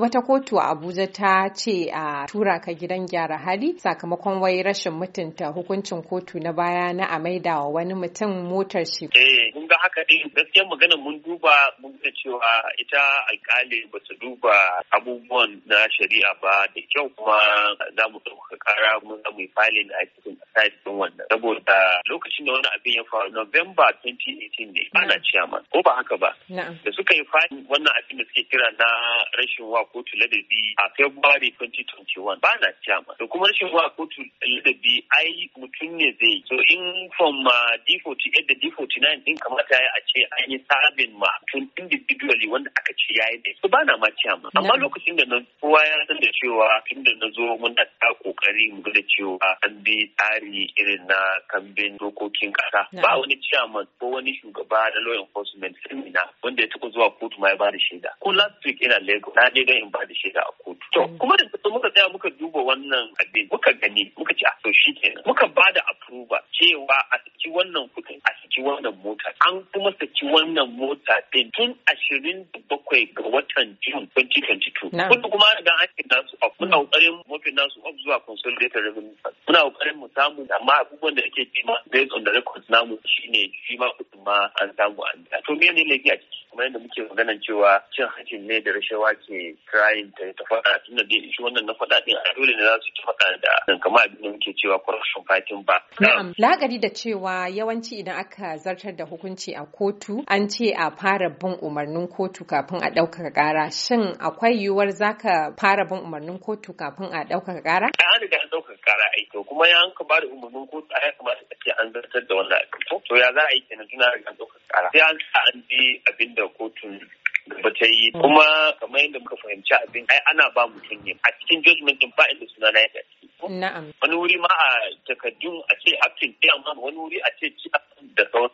wata kotu a Abuja ta ce a tura ka gidan gyara hali sakamakon wai rashin mutunta hukuncin kotu na baya na a maida wa wani mutum motar shi. Eh, mun ga haka din gaskiyar magana mun duba mun ga cewa ita alkali ba su duba abubuwan na shari'a ba da kyau kuma za mu ɗauka ƙara mun za mu yi a cikin side din wannan saboda lokacin da wani abin ya faru November 2018 ne ana ma. Mm. ko ba haka ba da suka yi fadi wannan abin da suke kira na rashin wa kotu ladabi a February 2021 ba na ma. da kuma rashin wa kotu ladabi ai mutum ne zai so in from uh, D48 da D49 din kamata ya a ce an yi sabin ma tun individually wanda aka ce yi da su ba na ma ma. amma lokacin da na kowa ya san da cewa tun da na zo muna tako kokari mu ga cewa an bi tsari irin na kambin dokokin kasa ba wani chairman ko wani shugaba na law enforcement seminar wanda ya taɓa zuwa kotu ma ya ba da shaida ko last week ina lagos na je in ba da shaida a kotu to mm. kuma da muka tsaya muka duba wannan abin muka gani muka ce a ah, to shi kenan muka ba da approval cewa a saki wannan kuɗin a saki wannan mota an kuma saki wannan mota din tun ashirin da bakwai ga watan June 2022. Kuma kuma da hakin nasu a kuna kokarin mm. motsin nasu of zuwa consolidated revenue fund. Muna kokarin mu samu amma abubuwan da ake kima based on the records namu shine shi ma kudin ma an samu an da. To mene ne laifi a ciki? Kamar yadda muke maganan cewa cin hakin ne da rashawa ke trying ta ta faɗa tun da dai shi wannan na faɗa din a dole ne za su ta faɗa da kamar abin da muke cewa corruption fighting ba. Na'am, la'akari da cewa yawanci idan aka zartar da hukunci a kotu an ce a fara bin umarnin kotu kafin a ɗaukaka ƙara shin akwai yiwuwar zaka fara bin umarnin kotu kafin a ɗaukaka ƙara? da riga da ɗaukaka ƙara ai to kuma ya an ba bada umarnin kotu a ya kamata a ce an zartar da wannan aiki to ya za a yi kenan tuna riga an ɗaukaka ƙara. Sai an sa an bi abin da kotun gaba ta yi kuma kamar yadda muka fahimci abin ai ana ba mutum ne a cikin judgment din ba inda suna na yadda Na'am. Wani wuri ma a takardun a ce acting ɗaya amma wani wuri a ce ci da sauran